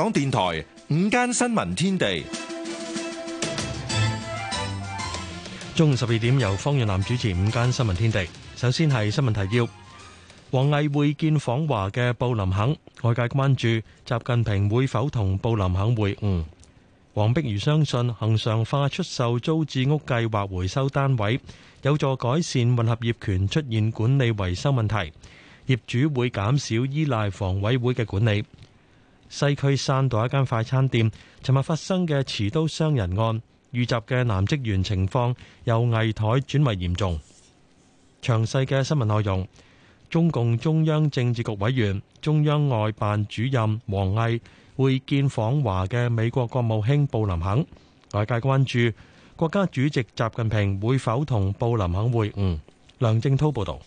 港電台午間新聞天地，中午十二點由方潤南主持午間新聞天地。首先係新聞提要：王毅會見訪華嘅布林肯，外界關注習近平會否同布林肯會晤。黃碧如相信恒常化出售租置屋計劃回收單位，有助改善混合業權出現管理維修問題，業主會減少依賴房委會嘅管理。西區山道一間快餐店，尋日發生嘅持刀傷人案，遇襲嘅男職員情況由危殆轉為嚴重。詳細嘅新聞內容，中共中央政治局委員、中央外辦主任王毅會見訪華嘅美國國務卿布林肯，外界關注國家主席習近平會否同布林肯會晤。梁正滔報導。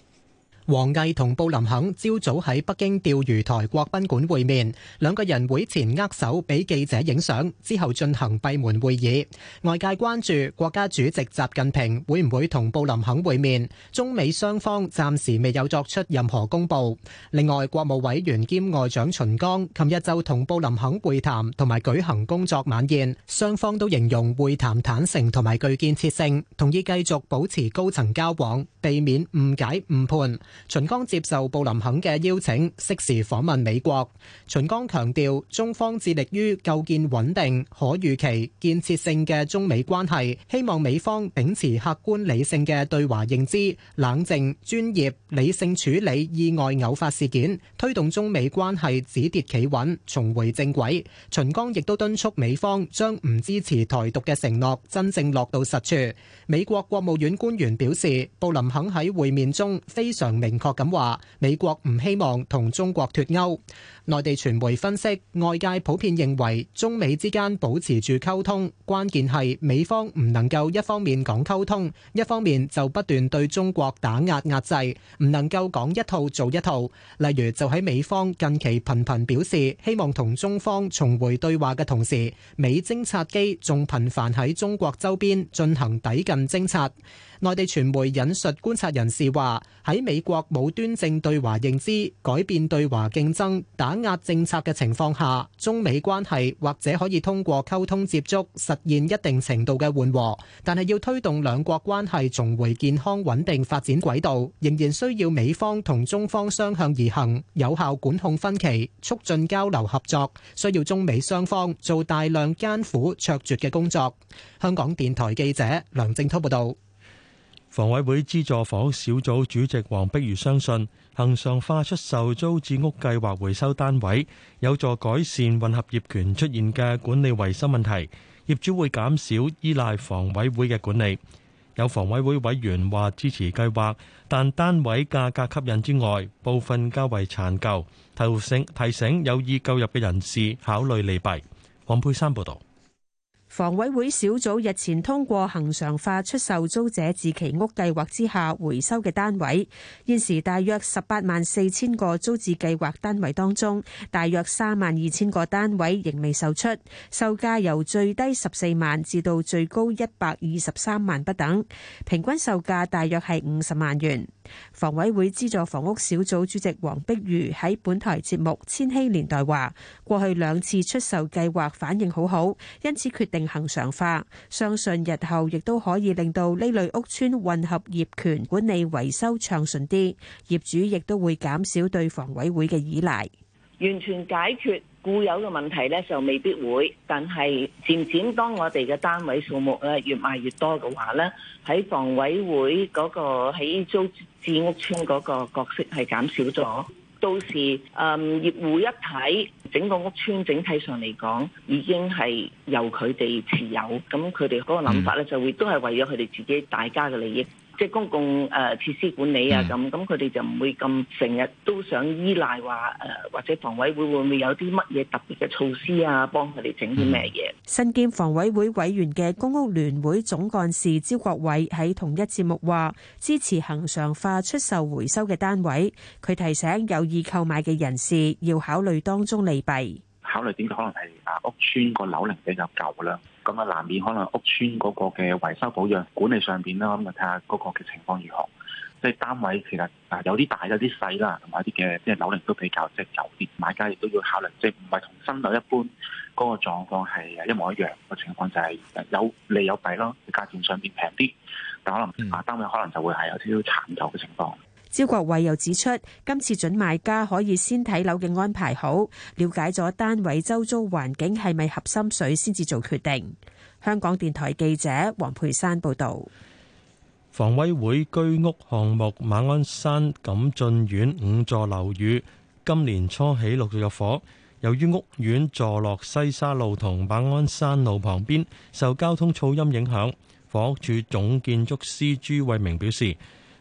王毅同布林肯朝早喺北京釣魚台國賓館會面，兩個人會前握手俾記者影相，之後進行閉門會議。外界關注國家主席習近平會唔會同布林肯會面，中美雙方暫時未有作出任何公布。另外，國務委員兼外長秦剛琴日就同布林肯會談同埋舉行工作晚宴，雙方都形容會談坦誠同埋具建設性，同意繼續保持高層交往，避免誤解誤判。秦剛接受布林肯嘅邀請，適時訪問美國。秦剛強調，中方致力於構建穩定、可預期、建設性嘅中美關係，希望美方秉持客觀理性嘅對華認知，冷靜、專業、理性處理意外偶發事件，推動中美關係止跌企穩重回正軌。秦剛亦都敦促美方將唔支持台獨嘅承諾真正落到實處。美國國務院官員表示，布林肯喺會面中非常明確咁話，美國唔希望同中國脫鉤。內地傳媒分析，外界普遍認為中美之間保持住溝通，關鍵係美方唔能夠一方面講溝通，一方面就不斷對中國打壓壓制，唔能夠講一套做一套。例如，就喺美方近期頻頻表示希望同中方重回對話嘅同時，美偵察機仲頻繁喺中國周邊進行抵近偵察。內地傳媒引述觀察人士話：喺美國無端正對華認知、改變對華競爭打壓政策嘅情況下，中美關係或者可以通過溝通接觸實現一定程度嘅緩和。但係要推動兩國關係重回健康穩定發展軌道，仍然需要美方同中方雙向而行，有效管控分歧，促進交流合作。需要中美雙方做大量艱苦、卓絕嘅工作。香港電台記者梁正滔報道。房委會資助房屋小組主席黃碧如相信，恆常化出售租置屋計劃回收單位，有助改善混合業權出現嘅管理衛生問題，業主會減少依賴房委會嘅管理。有房委會委員話支持計劃，但單位價格吸引之外，部分較為殘舊，提醒提醒有意購入嘅人士考慮利弊。黃佩珊報道。房委會小組日前通過恒常化出售租者置其屋計劃之下回收嘅單位，現時大約十八萬四千個租置計劃單位當中，大約三萬二千個單位仍未售出，售價由最低十四萬至到最高一百二十三萬不等，平均售價大約係五十萬元。房委會資助房屋小組主席黃碧如喺本台節目千禧年代話：過去兩次出售計劃反應好好，因此決定恆常化，相信日後亦都可以令到呢類屋邨混合業權管理維修暢順啲，業主亦都會減少對房委會嘅依賴，完全解決。固有嘅問題咧就未必會。但係漸漸當我哋嘅單位數目咧越賣越多嘅話，咧，喺房委會、嗰個喺租置屋村嗰個角色係減少咗。到時，嗯，業戶一睇整個屋村整體上嚟講，已經係由佢哋持有，咁佢哋嗰個諗法咧就會都係為咗佢哋自己大家嘅利益。即係公共誒設施管理啊，咁咁佢哋就唔會咁成日都想依賴話誒，或者房委會會唔會有啲乜嘢特別嘅措施啊，幫佢哋整啲咩嘢？身兼房委會委員嘅公屋聯會總幹事招國偉喺同一節目話：支持恆常化出售回收嘅單位。佢提醒有意購買嘅人士要考慮當中利弊。考慮點解可能係啊屋邨個樓齡比較舊啦。咁啊，嗯、南面可能屋村嗰個嘅維修保養管理上面啦，咁啊睇下嗰個嘅情況如何。即係單位其實啊有啲大有啲細啦，同埋一啲嘅即係樓齡都比較即係舊啲，買家亦都要考慮，即係唔係同新樓一般嗰個狀況係一模一樣嘅情況，就係有利有弊咯。價錢上面平啲，但可能啊單位可能就會係有少少殘舊嘅情況。招國偉又指出，今次準買家可以先睇樓嘅安排好，了解咗單位周遭環境係咪合心水先至做決定。香港電台記者黃培山報道。房委會居屋項目馬鞍山錦俊苑五座樓宇今年初起陸續入伙，由於屋苑坐落西沙路同馬鞍山路旁邊，受交通噪音影響，房屋署總建築師朱偉明表示。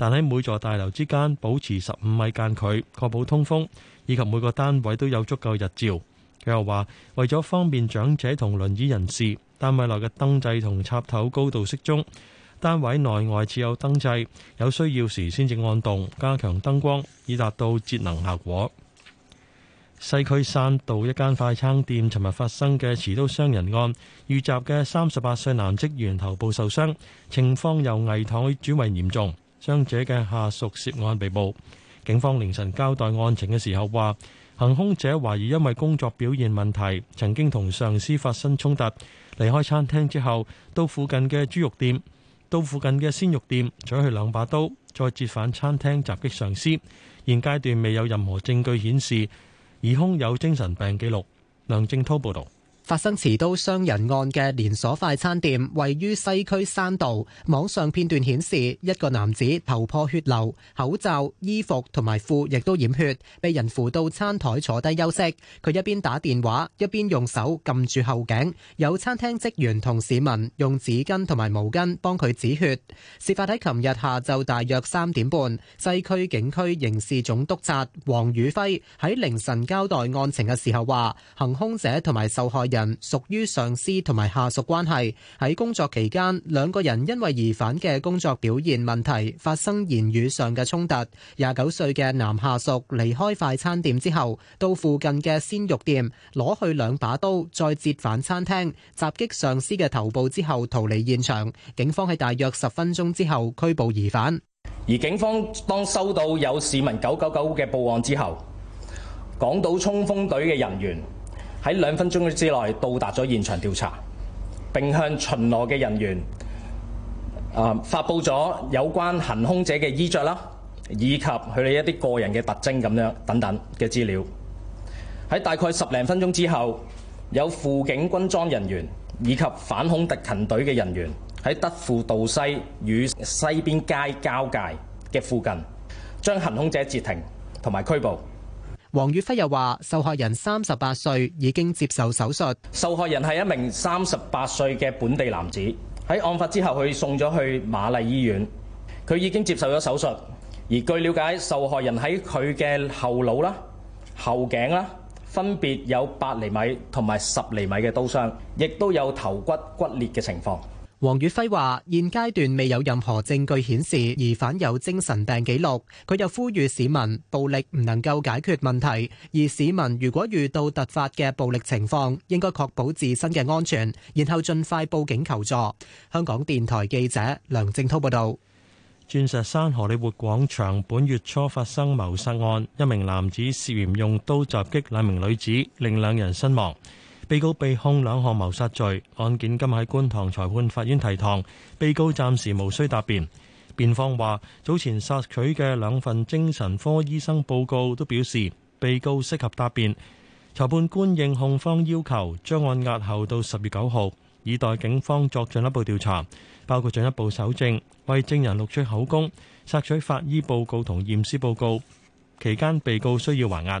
但喺每座大樓之間保持十五米間距，確保通風，以及每個單位都有足夠日照。佢又話為咗方便長者同輪椅人士，單位內嘅燈掣同插頭高度適中，單位內外設有燈掣，有需要時先至按動，加強燈光以達到節能效果。西區山道一間快餐店尋日發生嘅持刀傷人案，遇襲嘅三十八歲男職員頭部受傷，情況由危殆轉為嚴重。傷者嘅下屬涉案被捕，警方凌晨交代案情嘅時候話，行凶者懷疑因為工作表現問題，曾經同上司發生衝突，離開餐廳之後到附近嘅豬肉店，到附近嘅鮮肉店，搶去兩把刀，再折返餐廳襲擊上司。現階段未有任何證據顯示疑兇有精神病記錄。梁正濤報道。發生持刀傷人案嘅連鎖快餐店位於西區山道，網上片段顯示一個男子頭破血流，口罩、衣服同埋褲亦都染血，被人扶到餐台坐低休息。佢一邊打電話，一邊用手撳住後頸，有餐廳職員同市民用紙巾同埋毛巾幫佢止血。事發喺琴日下晝大約三點半，西區警區刑事總督察黃宇輝喺凌晨交代案情嘅時候話，行兇者同埋受害人。屬於上司同埋下屬關係喺工作期間，兩個人因為疑犯嘅工作表現問題發生言語上嘅衝突。廿九歲嘅男下屬離開快餐店之後，到附近嘅鮮肉店攞去兩把刀，再折返餐廳襲擊上司嘅頭部之後逃離現場。警方喺大約十分鐘之後拘捕疑犯。而警方當收到有市民九九九嘅報案之後，港島衝鋒隊嘅人員。喺兩分鐘之內到達咗現場調查，並向巡邏嘅人員啊發佈咗有關行兇者嘅衣着啦，以及佢哋一啲個人嘅特徵咁樣等等嘅資料。喺大概十零分鐘之後，有輔警軍裝人員以及反恐特勤隊嘅人員喺德輔道西與西邊街交界嘅附近，將行兇者截停同埋拘捕。黃宇輝又話：受害人三十八歲，已經接受手術。受害人係一名三十八歲嘅本地男子，喺案發之後佢送咗去瑪麗醫院，佢已經接受咗手術。而據了解，受害人喺佢嘅後腦啦、後頸啦，分別有八厘米同埋十厘米嘅刀傷，亦都有頭骨骨裂嘅情況。黃宇輝話：現階段未有任何證據顯示疑犯有精神病記錄。佢又呼籲市民，暴力唔能夠解決問題，而市民如果遇到突發嘅暴力情況，應該確保自身嘅安全，然後盡快報警求助。香港電台記者梁正濤報道。鑽石山荷里活廣場本月初發生謀殺案，一名男子涉嫌用刀襲擊，擊兩名女子，令兩人身亡。被告被控兩項謀殺罪，案件今日喺觀塘裁判法院提堂，被告暫時無需答辯。辯方話，早前索取嘅兩份精神科醫生報告都表示被告適合答辯。裁判官應控方要求，將案押後到十月九號，以待警方作進一步調查，包括進一步搜證、為證人錄取口供、索取法醫報告同驗屍報告。期間，被告需要還押。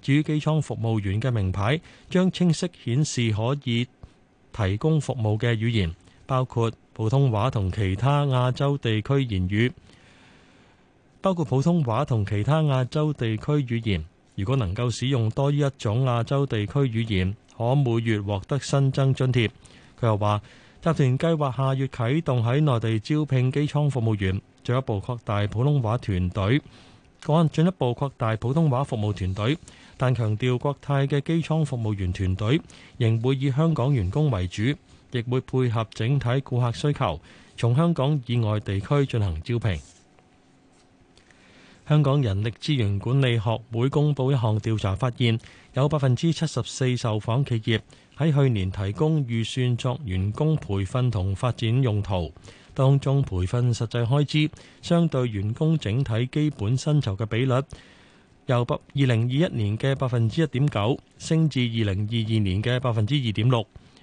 至於機艙服務員嘅名牌，將清晰顯示可以提供服務嘅語言，包括普通話同其他亞洲地區言語，包括普通話同其他亞洲地區語言。如果能夠使用多於一種亞洲地區語言，可每月獲得新增津貼。佢又話，集團計劃下月啟動喺內地招聘機艙服務員，進一步擴大普通話團隊，港人進一步擴大普通話服務團隊。但強調國泰嘅機艙服務員團隊仍會以香港員工為主，亦會配合整體顧客需求，從香港以外地區進行招聘。香港人力資源管理學會公佈一項調查發現，有百分之七十四受訪企業喺去年提供預算作員工培訓同發展用途，當中培訓實際開支，相對員工整體基本薪酬嘅比率。由二零二一年嘅百分之一點九升至二零二二年嘅百分之二點六。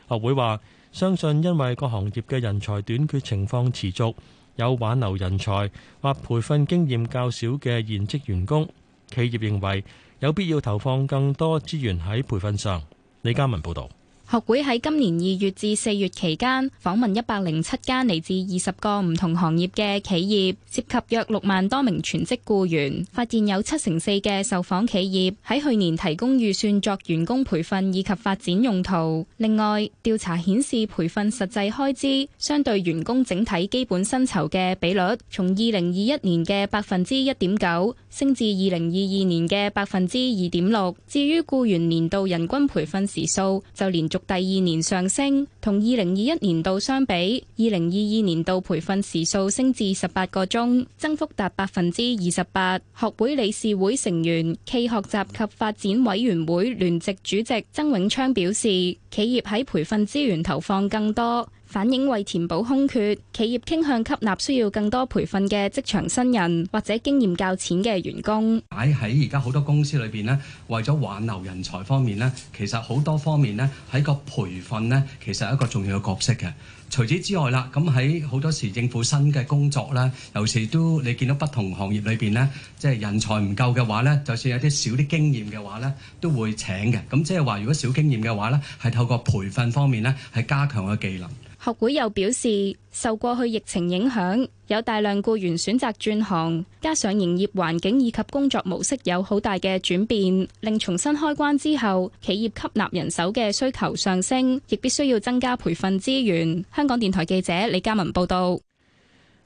學會話，相信因為各行業嘅人才短缺情況持續，有挽留人才或培訓經驗較少嘅現職員工，企業認為有必要投放更多資源喺培訓上。李嘉文報道。學會喺今年二月至四月期間訪問一百零七間嚟自二十個唔同行業嘅企業，涉及約六萬多名全職僱員，發現有七成四嘅受訪企業喺去年提供預算作員工培訓以及發展用途。另外，調查顯示培訓實際開支相對員工整體基本薪酬嘅比率，從二零二一年嘅百分之一點九升至二零二二年嘅百分之二點六。至於僱員年度人均培訓時數，就連續。續第二年上升，同二零二一年度相比，二零二二年度培訓時數升至十八個鐘，增幅達百分之二十八。學會理事會成員暨學習及發展委員會聯席主席曾永昌表示，企業喺培訓資源投放更多。反映為填補空缺，企業傾向吸納需要更多培訓嘅職場新人或者經驗較淺嘅員工。喺喺而家好多公司裏邊咧，為咗挽留人才方面咧，其實好多方面咧喺個培訓咧，其實係一個重要嘅角色嘅。除此之外啦，咁喺好多時政府新嘅工作咧，尤其都你見到不同行業裏邊咧，即係人才唔夠嘅話咧，就算有啲少啲經驗嘅話咧，都會請嘅。咁即係話如果少經驗嘅話咧，係透過培訓方面咧，係加強個技能。學會又表示，受過去疫情影響，有大量僱員選擇轉行，加上營業環境以及工作模式有好大嘅轉變，令重新開關之後，企業吸納人手嘅需求上升，亦必須要增加培訓資源。香港電台記者李嘉文報道。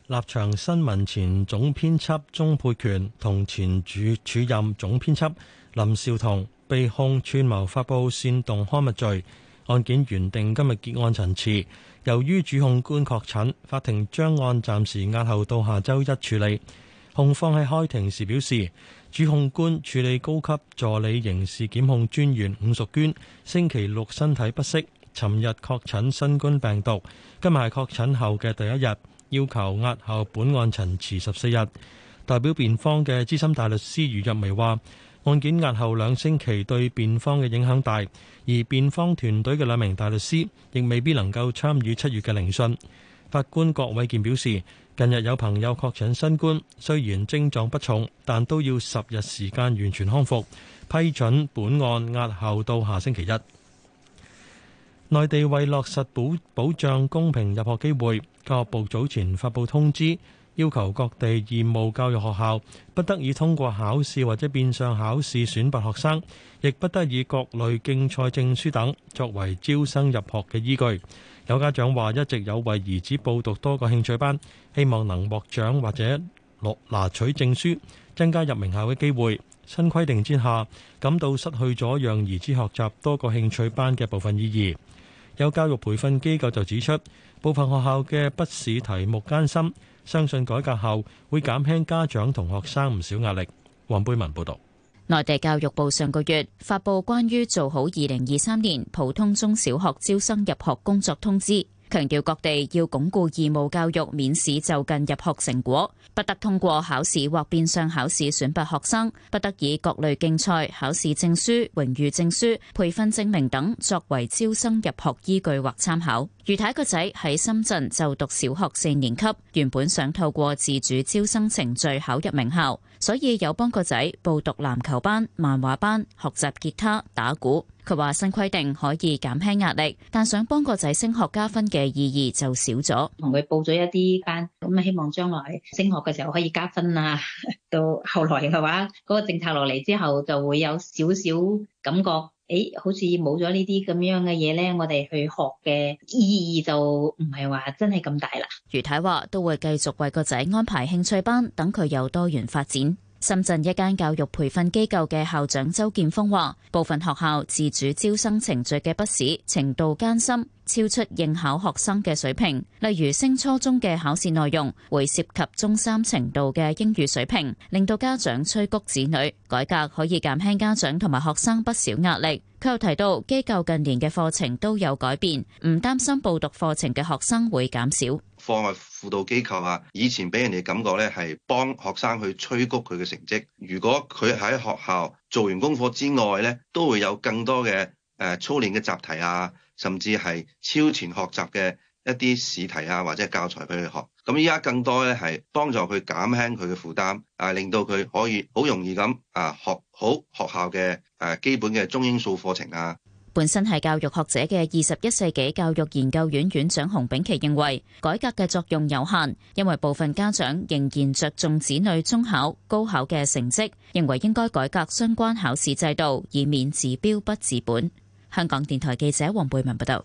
立場新聞前總編輯鍾沛權同前主主任總編輯林紹桐被控串謀發布煽動刊物罪，案件原定今日結案陳詞。由於主控官確診，法庭將案暫時押後到下周一處理。控方喺開庭時表示，主控官處理高級助理刑事檢控專員伍淑娟星期六身體不適，尋日確診新冠病毒，今日係確診後嘅第一日，要求押後本案陳詞十四日。代表辯方嘅資深大律師余若薇話。案件押後兩星期對辯方嘅影響大，而辯方團隊嘅兩名大律師亦未必能夠參與七月嘅聆訊。法官郭偉健表示，近日有朋友確診新冠，雖然症狀不重，但都要十日時間完全康復，批准本案押後到下星期一。內地為落實保保障公平入學機會，教育部早前發佈通知。要求各地義務教育學校不得以通過考試或者變相考試選拔學生，亦不得以各類競賽證書等作為招生入學嘅依據。有家長話一直有為兒子報讀多個興趣班，希望能獲獎或者落拿取證書增加入名校嘅機會，新規定之下，感到失去咗讓兒子學習多個興趣班嘅部分意義。有教育培訓機構就指出，部分學校嘅筆試題目艱深。相信改革後會減輕家長同學生唔少壓力。黃貝文報道，內地教育部上個月發布關於做好二零二三年普通中小學招生入學工作通知。強調各地要鞏固義務教育免試就近入學成果，不得通過考試或變相考試選拔學生，不得以各類競賽、考試證書、榮譽證書、培訓證明等作為招生入學依據或參考。余太個仔喺深圳就讀小學四年級，原本想透過自主招生程序考入名校，所以有幫個仔報讀籃球班、漫畫班、學習吉他、打鼓。佢話新規定可以減輕壓力，但想幫個仔升學加分嘅意義就少咗。同佢報咗一啲班，咁希望將來升學嘅時候可以加分啊。到後來嘅話，嗰個政策落嚟之後，就會有少少感覺，誒，好似冇咗呢啲咁樣嘅嘢咧，我哋去學嘅意義就唔係話真係咁大啦。余太話都會繼續為個仔安排興趣班，等佢有多元發展。深圳一間教育培訓機構嘅校長周建峰話，部分學校自主招生程序嘅筆試程度艱深，超出應考學生嘅水平。例如升初中嘅考試內容會涉及中三程度嘅英語水平，令到家長催谷子女。改革可以減輕家長同埋學生不少壓力。佢又提到，機構近年嘅課程都有改變，唔擔心報讀課程嘅學生會減少。課外輔導機構啊，以前俾人哋感覺咧係幫學生去催谷佢嘅成績。如果佢喺學校做完功課之外咧，都會有更多嘅誒操練嘅習題啊，甚至係超前學習嘅一啲試題啊，或者教材俾佢學。咁依家更多咧係幫助佢減輕佢嘅負擔，啊令到佢可以好容易咁啊學好學校嘅誒基本嘅中英數課程啊。本身係教育學者嘅二十一世紀教育研究院院長洪炳奇認為，改革嘅作用有限，因為部分家長仍然着重子女中考、高考嘅成績，認為應該改革相關考試制度，以免治標不治本。香港電台記者黃貝文報道。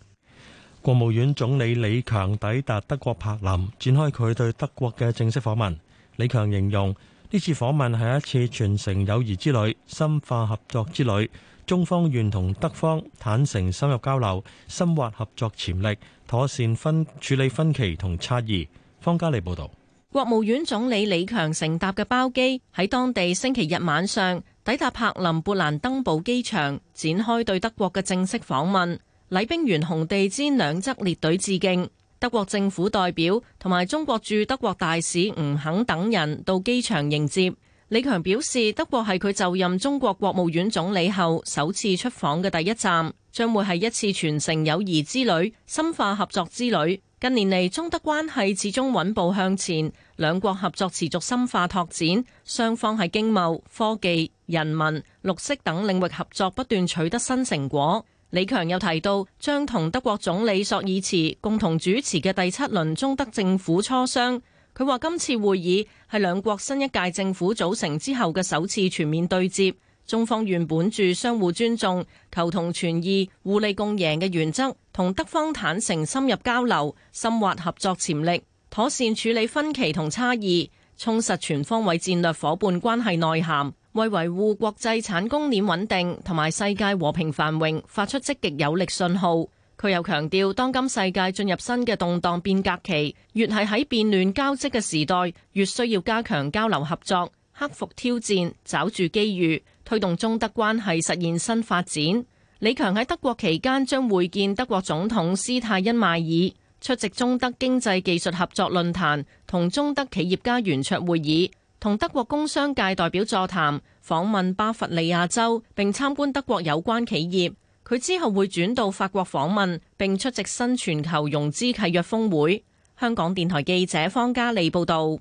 國務院總理李強抵達德國柏林，展開佢對德國嘅正式訪問。李強形容呢次訪問係一次傳承友誼之旅、深化合作之旅。中方願同德方坦誠深入交流，深挖合作潛力，妥善分處理分歧同差異。方家利報導。國務院總理李強乘搭嘅包機喺當地星期日晚上抵達柏林勃蘭登堡機場，展開對德國嘅正式訪問。禮兵沿紅地氈兩側列隊致敬，德國政府代表同埋中國駐德國大使吳肯等人到機場迎接。李強表示，德國係佢就任中國國務院總理後首次出訪嘅第一站，將會係一次傳承友誼之旅，深化合作之旅。近年嚟，中德關係始終穩步向前，兩國合作持續深化拓展，雙方喺經貿、科技、人文、綠色等領域合作不斷取得新成果。李強又提到，將同德國總理朔爾茨共同主持嘅第七輪中德政府磋商。佢話：他說今次會議係兩國新一屆政府組成之後嘅首次全面對接，中方願本住相互尊重、求同存異、互利共贏嘅原則，同德方坦誠深入交流，深挖合作潛力，妥善處理分歧同差異，充實全方位戰略伙伴關係內涵，為維護國際產供鏈穩定同埋世界和平繁榮發出積極有力信號。佢又強調，當今世界進入新嘅動盪變革期，越係喺變亂交織嘅時代，越需要加強交流合作，克服挑戰，抓住機遇，推動中德關係實現新發展。李強喺德國期間將會見德國總統施泰因邁爾，出席中德經濟技術合作論壇同中德企業家圓桌會議，同德國工商界代表座談，訪問巴伐利亞州並參觀德國有關企業。佢之後會轉到法國訪問，並出席新全球融資契約峰會。香港電台記者方嘉莉報導。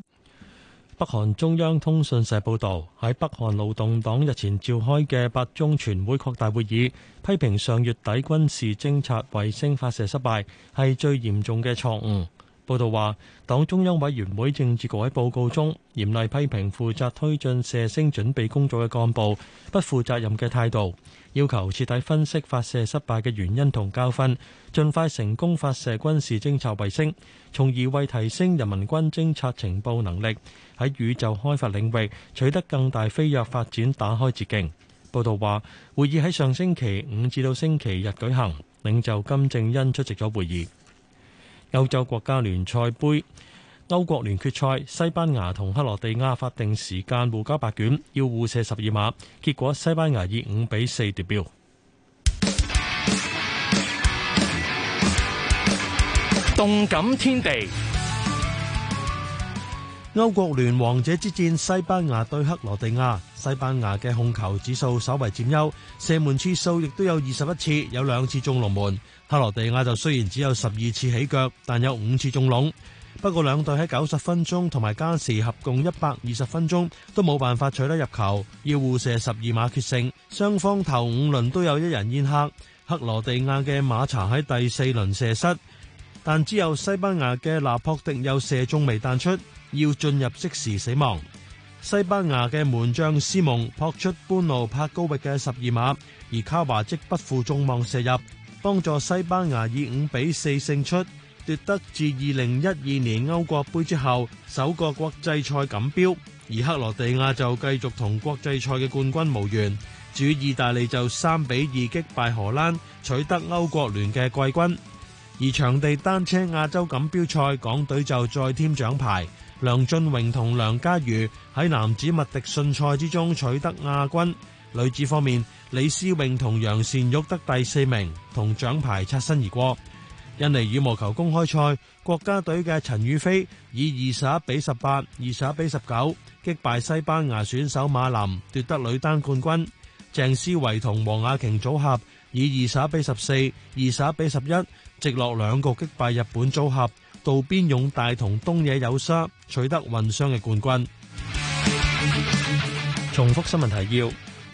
北韓中央通訊社報導，喺北韓勞動黨日前召開嘅八中全會擴大會議，批評上月底軍事偵察衛星發射失敗係最嚴重嘅錯誤。報導話，黨中央委員會政治局喺報告中嚴厲批評負責推進射星準備工作嘅幹部，不負責任嘅態度。要求徹底分析發射失敗嘅原因同教訓，盡快成功發射軍事偵察衛星，從而為提升人民軍偵察情報能力喺宇宙開發領域取得更大飛躍發展打開捷徑。報導話，會議喺上星期五至到星期日舉行，領袖金正恩出席咗會議。歐洲國家聯賽杯。歐國聯決賽，西班牙同克羅地亞法定時間互交白卷，要互射十二碼，結果西班牙以五比四奪標。動感天地，歐國聯王者之戰，西班牙對克羅地亞。西班牙嘅控球指數稍為佔優，射門次數亦都有二十一次，有兩次中龍門。克羅地亞就雖然只有十二次起腳，但有五次中龍。不過兩隊喺九十分鐘同埋加時合共一百二十分鐘都冇辦法取得入球，要互射十二碼決勝。雙方頭五輪都有一人煙黑，克羅地亞嘅馬查喺第四輪射失，但之後西班牙嘅納柏迪有射中未彈出，要進入即時死亡。西班牙嘅門將斯蒙撲出般奴柏高域嘅十二碼，而卡華即不負眾望射入，幫助西班牙以五比四勝出。奪得自2012年歐國盃之後首個國際賽錦標，而克羅地亞就繼續同國際賽嘅冠軍無緣。至於意大利就三比二擊敗荷蘭，取得歐國聯嘅季軍。而場地單車亞洲錦標賽，港隊就再添獎牌。梁俊榮同梁嘉瑜喺男子麥迪遜賽之中取得亞軍。女子方面，李思穎同楊善玉得第四名，同獎牌擦身而過。印尼羽毛球公開賽，國家隊嘅陳雨菲以二十一比十八、二十一比十九擊敗西班牙選手馬林，奪得女單冠軍。鄭思維同王雅瓊組合以二十一比十四、二十一比十一直落兩局擊敗日本組合渡邊勇大同東野有紗，取得混雙嘅冠軍。重複新聞提要。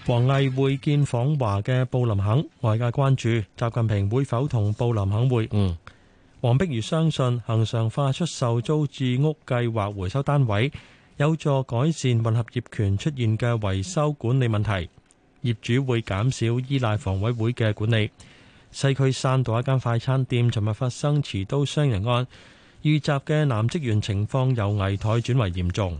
王毅會見訪華嘅布林肯，外界關注習近平會否同布林肯會晤。嗯。黃碧如相信恒常化出售租住屋計劃回收單位，有助改善混合業權出現嘅維修管理問題，業主會減少依賴房委會嘅管理。西區山道一間快餐店，昨日發生持刀傷人案，遇襲嘅男職員情況由危殆轉為嚴重。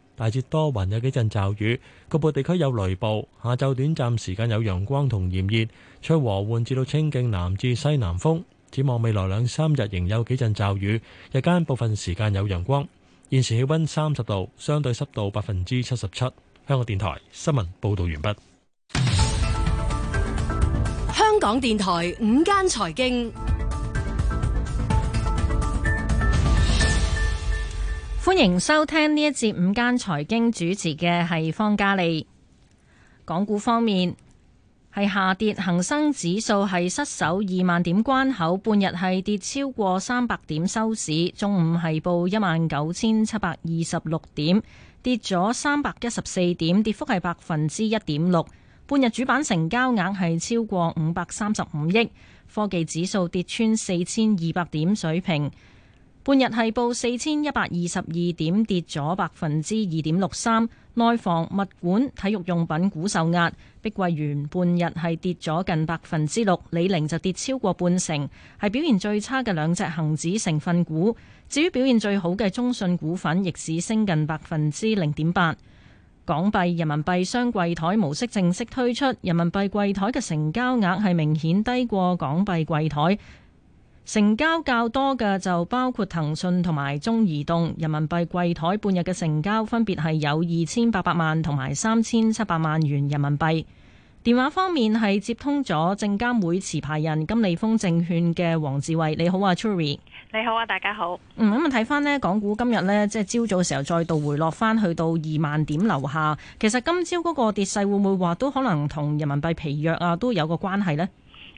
大致多雲，有幾陣驟雨，局部地區有雷暴。下晝短暫時間有陽光同炎熱，吹和緩至到清勁南至西南風。展望未來兩三日仍有幾陣驟雨，日間部分時間有陽光。現時氣溫三十度，相對濕度百分之七十七。香港電台新聞報道完畢。香港電台午間財經。歡迎收聽呢一節午間財經，主持嘅係方嘉利。港股方面係下跌，恒生指數係失守二萬點關口，半日係跌超過三百點收市，中午係報一萬九千七百二十六點，跌咗三百一十四點，跌幅係百分之一點六。半日主板成交額係超過五百三十五億，科技指數跌穿四千二百點水平。半日係報四千一百二十二點，跌咗百分之二點六三。內房、物管、體育用品股受壓，碧桂園半日係跌咗近百分之六，李寧就跌超過半成，係表現最差嘅兩隻恒指成分股。至於表現最好嘅中信股份，逆市升近百分之零點八。港幣、人民幣雙櫃台模式正式推出，人民幣櫃台嘅成交額係明顯低過港幣櫃台。成交較多嘅就包括騰訊同埋中移動，人民幣櫃台半日嘅成交分別係有二千八百萬同埋三千七百萬元人民幣。電話方面係接通咗證監會持牌人金利豐證券嘅黃志慧，你好啊，Cherry。你好啊，大家好。嗯，咁啊睇翻呢港股今日呢，即係朝早嘅時候再度回落翻去到二萬點樓下。其實今朝嗰個跌勢會唔會話都可能同人民幣疲弱啊都有個關係呢？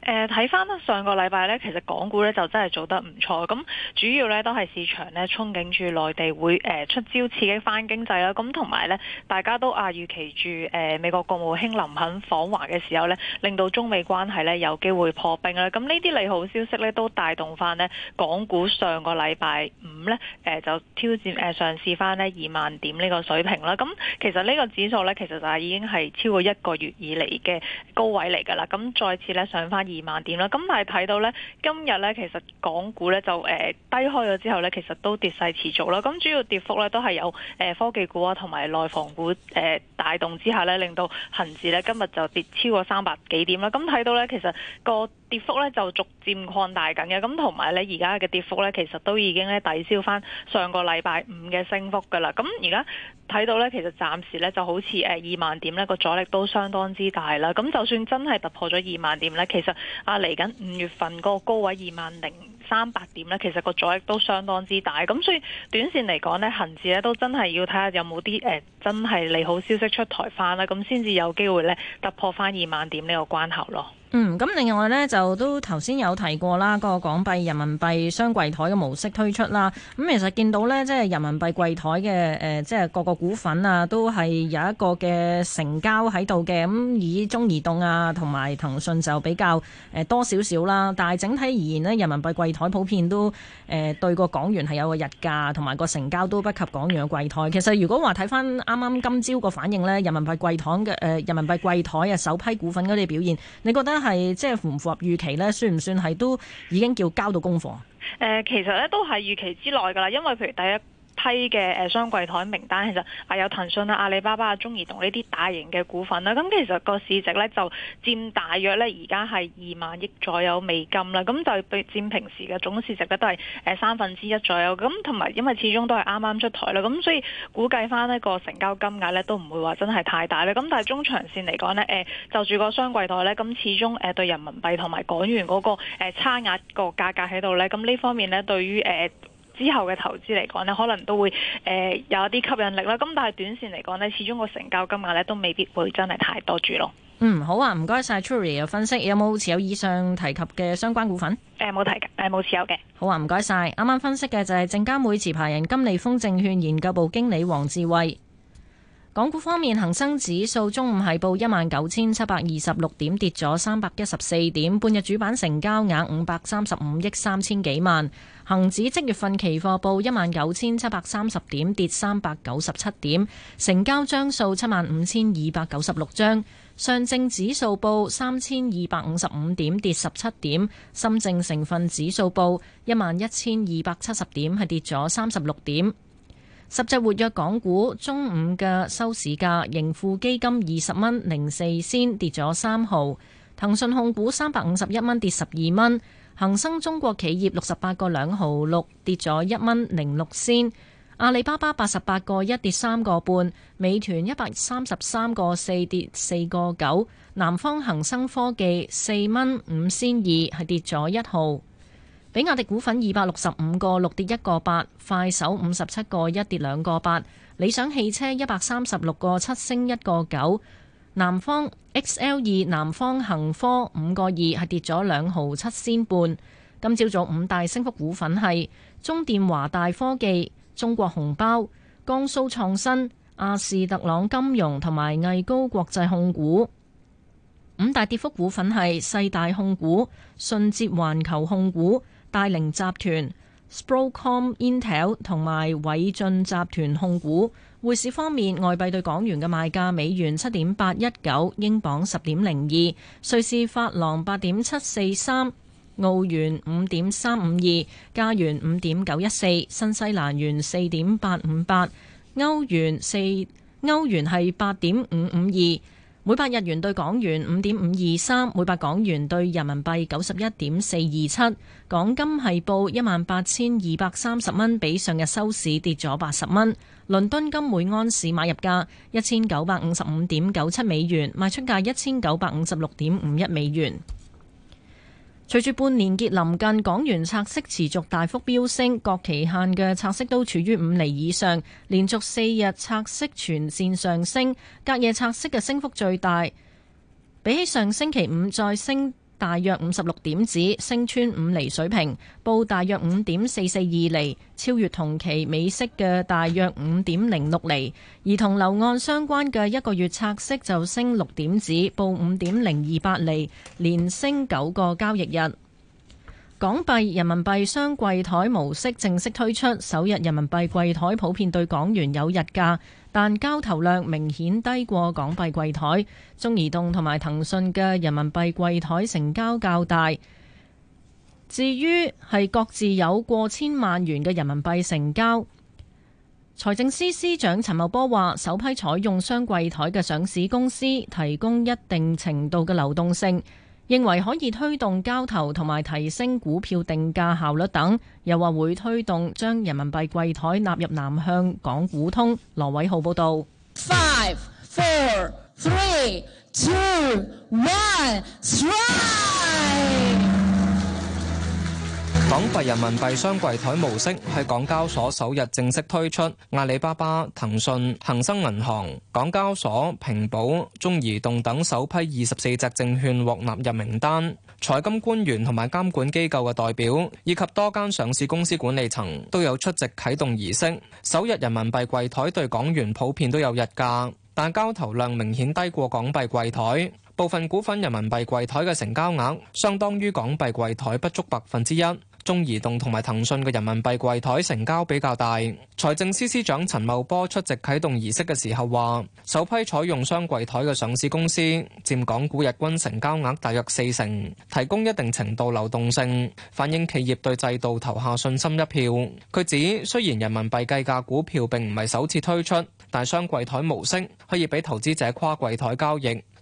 誒睇翻咧上個禮拜咧，其實港股咧就真係做得唔錯。咁主要咧都係市場咧憧憬住內地會誒、呃、出招刺激翻經濟啦。咁同埋咧，大家都啊預期住誒、呃、美國國務卿林肯訪華嘅時候咧，令到中美關係咧有機會破冰啦。咁呢啲利好消息咧都帶動翻呢港股上個禮拜五咧誒、呃、就挑戰誒、呃、上試翻呢二萬點呢個水平啦。咁其實呢個指數咧其實就係已經係超過一個月以嚟嘅高位嚟㗎啦。咁再次咧上翻二萬點啦，咁但係睇到呢，今日呢，其實港股呢就誒、呃、低開咗之後呢，其實都跌勢持續啦。咁主要跌幅呢都係有誒、呃、科技股啊，同埋內房股誒、呃、帶動之下呢，令到恒指呢今日就跌超過三百幾點啦。咁睇到呢，其實個。跌幅咧就逐漸擴大緊嘅，咁同埋咧而家嘅跌幅咧，其實都已經咧抵消返上個禮拜五嘅升幅㗎喇。咁而家睇到咧，其實暫時咧就好似二萬點呢個阻力都相當之大喇。咁就算真係突破咗二萬點咧，其實啊嚟緊五月份嗰個高位二萬零三百點呢，其實個阻力都相當之大，咁所以短線嚟講呢，恆指呢都真係要睇下有冇啲誒真係利好消息出台翻啦，咁先至有機會呢突破翻二萬點呢個關口咯。嗯，咁另外呢，就都頭先有提過啦，個港幣人民幣雙櫃台嘅模式推出啦，咁、嗯、其實見到呢，即係人民幣櫃台嘅誒、呃、即係個個股份啊，都係有一個嘅成交喺度嘅，咁、嗯、以中移動啊和同埋騰訊就比較誒、呃、多少少啦，但係整體而言呢，人民幣櫃。呃台普遍都誒對個港元係有個日價，同埋個成交都不及港元嘅櫃台。其實如果話睇返啱啱今朝個反應呢，人民幣櫃枱嘅誒人民幣櫃台啊，首批股份嗰啲表現，你覺得係即係符唔符合預期呢？算唔算係都已經叫交到功課？誒、呃，其實咧都係預期之內㗎啦，因為譬如第一。批嘅誒雙櫃台名單，其實係有騰訊啊、阿里巴巴啊、中移動呢啲大型嘅股份啦。咁其實個市值咧就佔大約咧，而家係二萬億左右美金啦。咁就佔平時嘅總市值咧都係誒三分之一左右。咁同埋因為始終都係啱啱出台啦，咁所以估計翻呢個成交金額咧都唔會話真係太大咧。咁但係中長線嚟講咧，誒就住個雙櫃台咧，咁始終誒對人民幣同埋港元嗰個誒差額個價格喺度咧，咁呢方面咧對於誒。之後嘅投資嚟講呢可能都會誒、呃、有一啲吸引力啦。咁但係短線嚟講呢始終個成交金額呢都未必會真係太多住咯。嗯，好啊，唔該晒，Truly 嘅分析有冇持有以上提及嘅相關股份？誒、呃，冇提嘅，誒、呃，冇持有嘅。好啊，唔該晒。啱啱分析嘅就係證監會持牌人金利豐證券研究部經理黃志慧。港股方面，恒生指數中午係報一萬九千七百二十六點，跌咗三百一十四點，半日主板成交額五百三十五億三千幾萬。恒指即月份期貨報一萬九千七百三十點，跌三百九十七點，成交張數七萬五千二百九十六張，上證指數報三千二百五十五點，跌十七點，深證成分指數報一萬一千二百七十點，係跌咗三十六點。十隻活躍港股中午嘅收市價，盈富基金二十蚊零四仙跌咗三毫，騰訊控股三百五十一蚊跌十二蚊，恒生中國企業六十八個兩毫六跌咗一蚊零六仙，阿里巴巴八十八個一跌三個半，美團一百三十三個四跌四個九，南方恒生科技四蚊五仙二係跌咗一毫。比亞迪股份二百六十五個六跌一個八，快手五十七個一跌兩個八，理想汽車一百三十六個七升一個九，南方 XL 二南方恒科五個二係跌咗兩毫七仙半。今朝早五大升幅股份係中電華大科技、中國紅包、江蘇創新、阿士特朗金融同埋藝高國際控股。五大跌幅股份係世大控股、順捷環球控股。大寧集團、Sprocomm Intel 同埋偉俊集團控股。匯市方面，外幣對港元嘅賣價：美元七點八一九，英鎊十點零二，瑞士法郎八點七四三，澳元五點三五二，加元五點九一四，新西蘭元四點八五八，歐元四，歐元係八點五五二。每百日元對港元五點五二三，每百港元對人民幣九十一點四二七。港金係報一萬八千二百三十蚊，比上日收市跌咗八十蚊。倫敦金每安士買入價一千九百五十五點九七美元，賣出價一千九百五十六點五一美元。隨住半年結臨近，港元拆息持續大幅飆升，各期限嘅拆息都處於五厘以上，連續四日拆息全線上升，隔夜拆息嘅升幅最大，比起上星期五再升。大約五十六點子升穿五厘水平，報大約五點四四二厘，超越同期美息嘅大約五點零六厘。而同樓按相關嘅一個月拆息就升六點子，報五點零二八厘，連升九個交易日。港幣、人民幣雙櫃台模式正式推出，首日人民幣櫃台普遍對港元有溢價，但交投量明顯低過港幣櫃台。中移動同埋騰訊嘅人民幣櫃台成交較大，至於係各自有過千萬元嘅人民幣成交。財政司司長陳茂波話：首批採用雙櫃台嘅上市公司，提供一定程度嘅流動性。認為可以推動交投同埋提升股票定價效率等，又話會推動將人民幣櫃台納入南向港股通。羅偉浩報道。港幣人民幣雙櫃台模式喺港交所首日正式推出，阿里巴巴、騰訊、恒生銀行、港交所、平保、中移動等首批二十四隻證券獲納入名單。財金官員同埋監管機構嘅代表以及多間上市公司管理層都有出席啟動儀式。首日人民幣櫃台對港元普遍都有日價，但交投量明顯低過港幣櫃台，部分股份人民幣櫃台嘅成交額相當於港幣櫃台不足百分之一。中移動同埋騰訊嘅人民幣櫃台成交比較大。財政司司長陳茂波出席啟動儀式嘅時候話：首批採用雙櫃台嘅上市公司，佔港股日均成交額大約四成，提供一定程度流動性，反映企業對制度投下信心一票。佢指雖然人民幣計價股票並唔係首次推出，但雙櫃台模式可以俾投資者跨櫃台交易。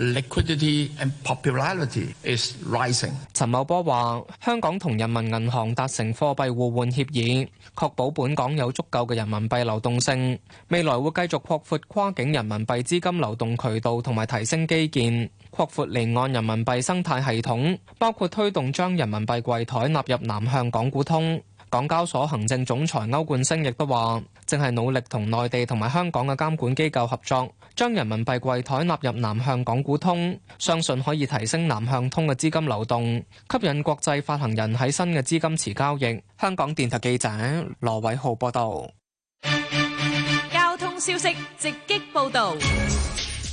liquidity and popularity is rising。陳茂波話：香港同人民銀行達成貨幣互換協議，確保本港有足夠嘅人民幣流動性。未來會繼續擴闊跨境人民幣資金流動渠道，同埋提升基建，擴闊離岸人民幣生態系統，包括推動將人民幣櫃台納入南向港股通。港交所行政總裁歐冠升亦都話：正係努力同內地同埋香港嘅監管機構合作。將人民幣櫃台納入南向港股通，相信可以提升南向通嘅資金流動，吸引國際發行人喺新嘅資金池交易。香港電台記者羅偉浩報道。交通消息直擊報道。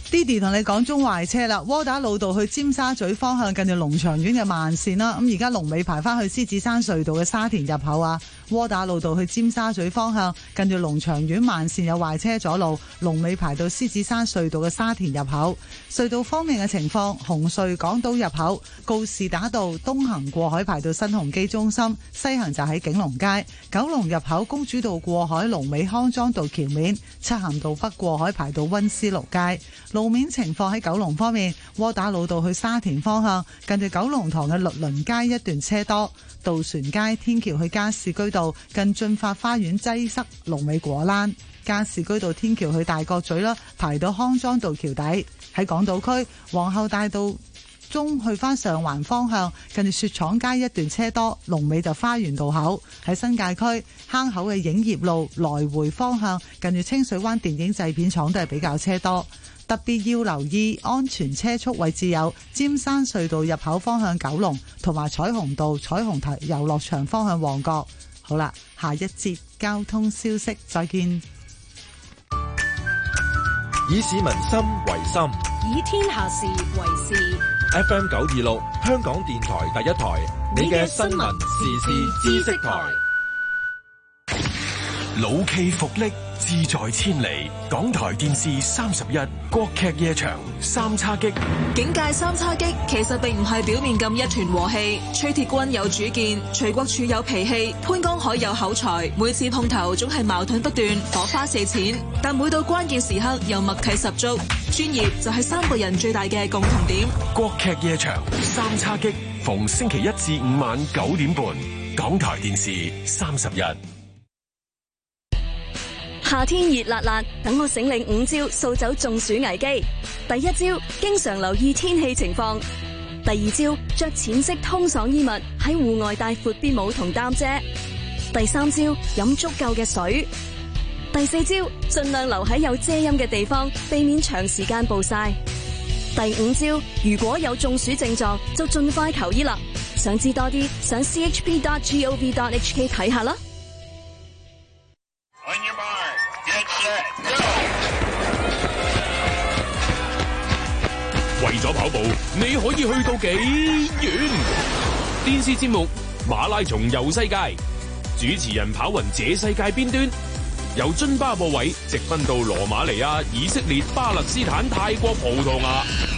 Didi 同你講中壞車啦，窩打老道去尖沙咀方向，近住農場苑嘅慢綫啦。咁而家龍尾排翻去獅子山隧道嘅沙田入口啊，窩打老道去尖沙咀方向，近住農場苑慢綫有壞車阻路，龍尾排到獅子山隧道嘅沙田入口。隧道方面嘅情況，紅隧港島入口告士打道東行過海排到新鴻基中心，西行就喺景隆街。九龍入口公主道過海龍尾康莊道橋面，漆咸道北過海排到溫思勞街。路面情況，喺九龍方面，窩打老道去沙田方向，近住九龍塘嘅律倫街一段車多；渡船街天橋去加士居道，近駿發花園擠塞龍尾果欄；加士居道天橋去大角咀啦，排到康莊道橋底。喺港島區皇后大道中去返上環方向，近住雪廠街一段車多，龍尾就花園道口。喺新界區坑口嘅影業路來回方向，近住清水灣電影製片廠都係比較車多。特別要留意安全車速位置，有尖山隧道入口方向九龍，同埋彩虹道彩虹台遊樂場方向旺角。好啦，下一節交通消息再見。以市民心為心，以天下事為事。F M 九二六香港電台第一台，你嘅新聞時事知識台。老 K 福力。志在千里，港台電視三十一，國劇夜場三叉戟，警界三叉戟其實並唔係表面咁一團和氣。崔鐵軍有主見，徐國柱有脾氣，潘江海有口才，每次碰頭總係矛盾不斷，火花四濺。但每到關鍵時刻又默契十足。專業就係三個人最大嘅共同點。國劇夜場三叉戟逢星期一至五晚九點半，港台電視三十一。夏天熱辣辣，等我醒領五招掃走中暑危機。第一招，經常留意天氣情況；第二招，着淺色通爽衣物喺戶外帶闊邊帽同擔遮；第三招，飲足夠嘅水；第四招，盡量留喺有遮陰嘅地方，避免長時間暴曬；第五招，如果有中暑症狀，就盡快求醫啦。想知多啲，上 chp.gov.hk 睇下啦。為咗跑步，你可以去到幾遠？電視節目《馬拉松遊世界》，主持人跑勻這世界邊端，由津巴布韋直奔到羅馬尼亞、以色列、巴勒斯坦、泰國、葡萄牙。